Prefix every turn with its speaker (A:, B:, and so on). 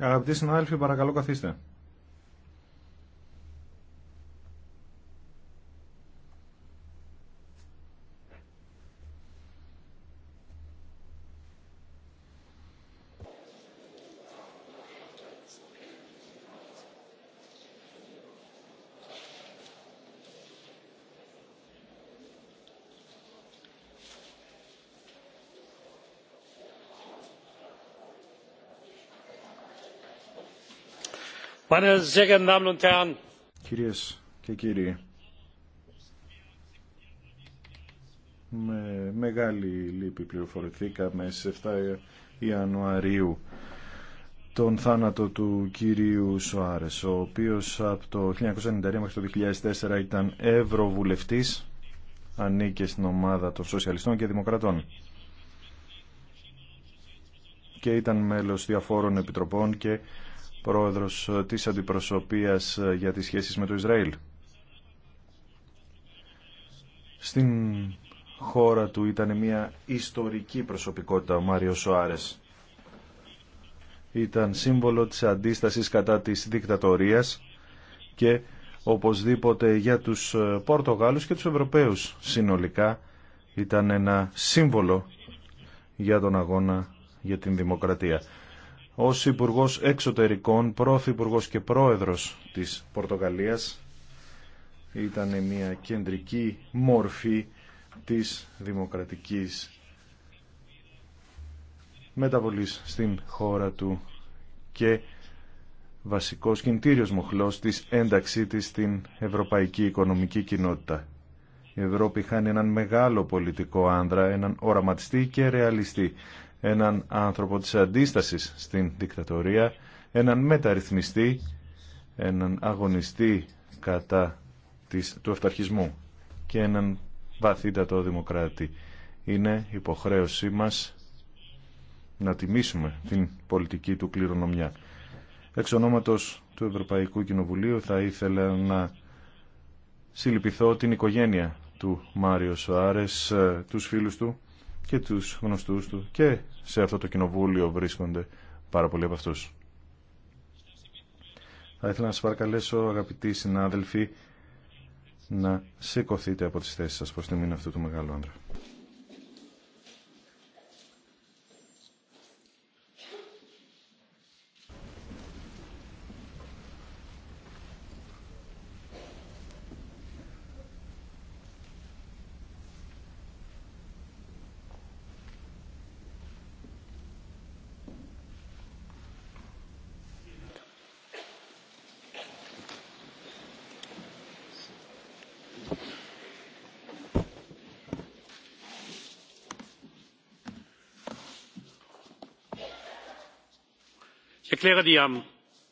A: Αγαπητοί συνάδελφοι, παρακαλώ καθίστε. Κυρίες και κύριοι, με μεγάλη λύπη πληροφορηθήκαμε σε 7 Ιανουαρίου τον θάνατο του κυρίου Σοάρες, ο οποίος από το 1993 μέχρι το 2004 ήταν ευρωβουλευτής, ανήκε στην ομάδα των Σοσιαλιστών και Δημοκρατών και ήταν μέλος διαφόρων επιτροπών και πρόεδρος της αντιπροσωπείας για τις σχέσεις με το Ισραήλ. Στην χώρα του ήταν μια ιστορική προσωπικότητα ο Μάριο Σοάρες. Ήταν σύμβολο της αντίστασης κατά της δικτατορίας και οπωσδήποτε για τους Πορτογάλους και τους Ευρωπαίους συνολικά ήταν ένα σύμβολο για τον αγώνα για την δημοκρατία ως υπουργό Εξωτερικών, Πρωθυπουργό και Πρόεδρος της Πορτογαλίας ήταν μια κεντρική μορφή της δημοκρατικής μεταβολής στην χώρα του και βασικός κινητήριος μοχλός της ένταξή της στην Ευρωπαϊκή Οικονομική Κοινότητα. Η Ευρώπη χάνει έναν μεγάλο πολιτικό άνδρα, έναν οραματιστή και ρεαλιστή, έναν άνθρωπο της αντίστασης στην δικτατορία, έναν μεταρρυθμιστή, έναν αγωνιστή κατά της, του αυταρχισμού και έναν βαθύτατο δημοκράτη. Είναι υποχρέωσή μας να τιμήσουμε την πολιτική του κληρονομιά. Εξ του Ευρωπαϊκού Κοινοβουλίου θα ήθελα να συλληπιθώ την οικογένεια του Μάριο Σοάρες, ε, τους φίλους του και τους γνωστούς του και σε αυτό το κοινοβούλιο βρίσκονται πάρα πολλοί από αυτούς. Θα ήθελα να σας παρακαλέσω αγαπητοί συνάδελφοι να σηκωθείτε από τις θέσεις σας προς τη μήνα αυτού του μεγάλου άντρα. ich erkläre die.